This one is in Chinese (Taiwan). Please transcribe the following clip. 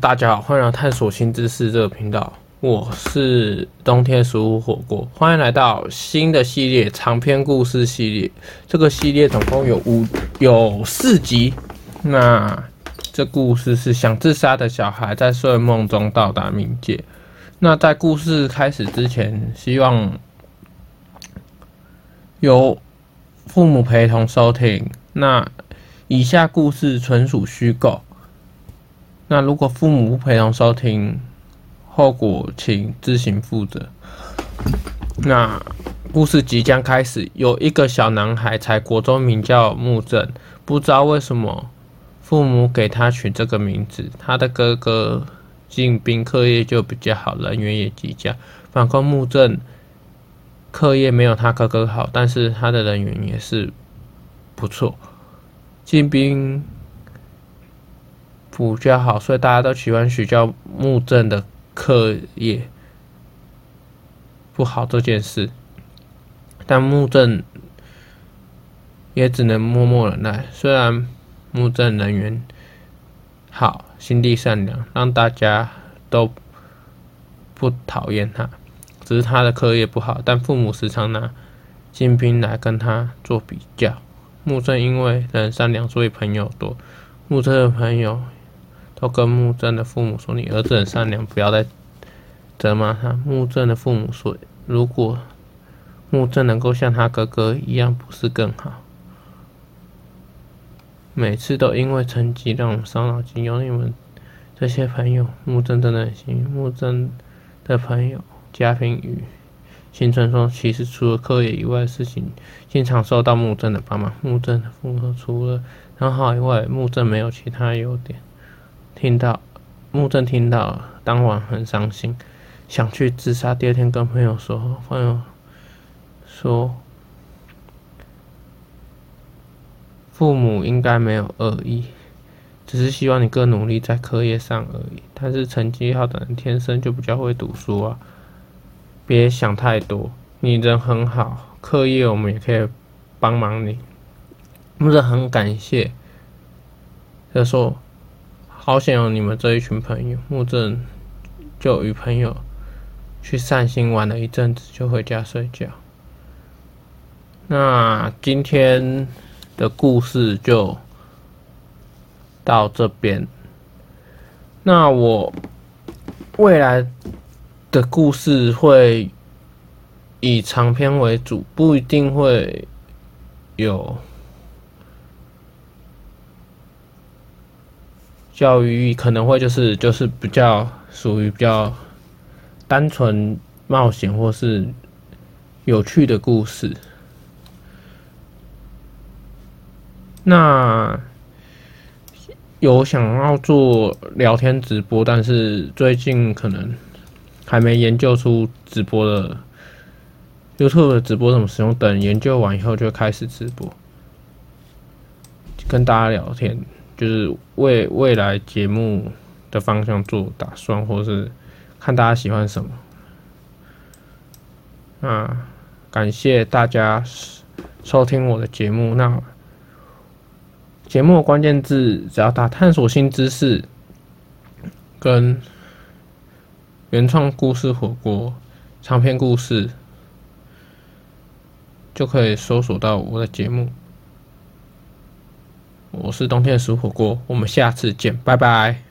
大家好，歡迎來探索新知識這個頻道，我是冬天食物火鍋，歡迎來到新的系列長篇故事系列。這個系列總共有五有四集。那這故事是想自殺的小孩在睡夢中到達冥界。那在故事開始之前，希望由父母陪同收聽。那以下故事純屬虛構。那如果父母不陪同收聽，後果請自行負責。那故事即將開始，有一個小男孩，才國中，名叫木正。不知道為什麼，父母給他取這個名字。他的哥哥進兵，課業就比較好，人緣也極佳。反觀木正，課業沒有他哥哥好，但是他的人緣也是不錯。進兵。比較好，所以大家都喜歡取笑木正的課業不好這件事，但木正也只能默默忍耐。雖然木正人緣好，心地善良，讓大家都不討厭他，只是他的課業不好，但父母時常拿金兵來跟他做比較。木正因為人善良，所以朋友多。木正的朋友，都跟木正的父母說：“你兒子很善良，不要再責罵他。”木正的父母說：“如果木正能夠像他哥哥一樣，不是更好？每次都因為成績讓我們傷腦筋，有你們這些朋友，木正真的很幸運。”木正的朋友家庭與新春說，其實除了課業以外的事情，經常受到木正的幫忙。木正的父母說：“除了很好以外，木正沒有其他優點。”聽到，木正聽到當晚很傷心，想去自殺。第二天跟朋友說，朋友說父母應該沒有惡意，只是希望你更努力在課業上而已。但是成績好的人天生就比較會讀書啊，別想太多。你人很好，課業我們也可以幫忙你。木正很感謝，他說。好想有你們這一群朋友。木正就與朋友去散心玩了一陣子，就回家睡覺。那今天的故事就到這邊。那我未來的故事會以長篇為主，不一定會有。教育，可能會就是，就是比較屬於比較單純冒險或是有趣的故事。那有想要做聊天直播，但是最近可能還沒研究出直播的 YouTube 的直播怎麼使用，等研究完以後就開始直播，跟大家聊天。就是為未來節目的方向做打算，或者是看大家喜歡什麼。那，感謝大家收聽我的節目。那節目的關鍵字只要打“探索新知識”跟“原創故事火鍋長篇故事”，就可以搜索到我的節目。我是冬天的熟火鍋，我們下次見，拜拜。